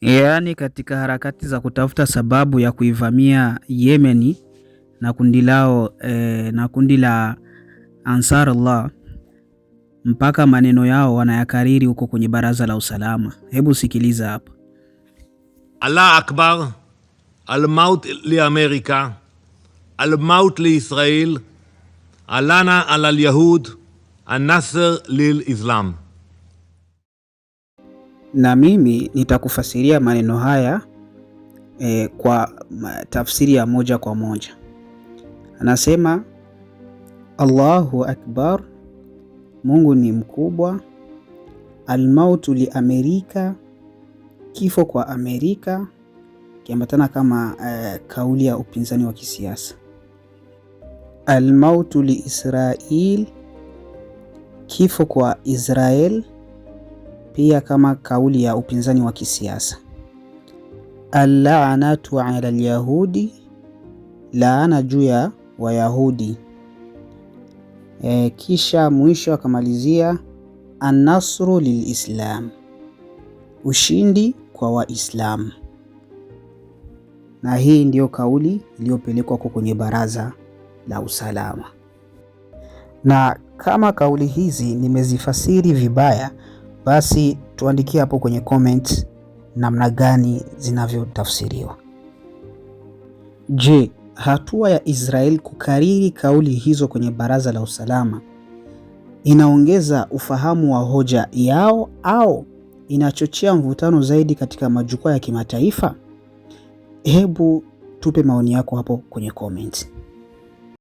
Yaani katika harakati za kutafuta sababu ya kuivamia Yemeni na kundi lao eh, na kundi la Ansarullah mpaka maneno yao wanayakariri huko kwenye Baraza la Usalama. Hebu sikiliza hapa. Allah akbar almaut amerika almaut liisrael alana ala lyahud annasr lilislam na mimi nitakufasiria maneno haya e, kwa tafsiri ya moja kwa moja. Anasema Allahu akbar, Mungu ni mkubwa. Almautu li Amerika, kifo kwa Amerika, kiambatana kama e, kauli ya upinzani wa kisiasa. Almautu li Israil, kifo kwa Israel pia kama kauli ya upinzani wa kisiasa. Allaanatu ala al laana juu ya Wayahudi. E, kisha mwisho akamalizia anasru lilislam, ushindi kwa Waislamu. Na hii ndiyo kauli iliyopelekwa huko kwenye baraza la usalama, na kama kauli hizi nimezifasiri vibaya basi tuandikie hapo kwenye comment namna gani zinavyotafsiriwa. Je, hatua ya Israel kukariri kauli hizo kwenye Baraza la Usalama inaongeza ufahamu wa hoja yao au inachochea mvutano zaidi katika majukwaa ya kimataifa? Hebu tupe maoni yako hapo kwenye comment.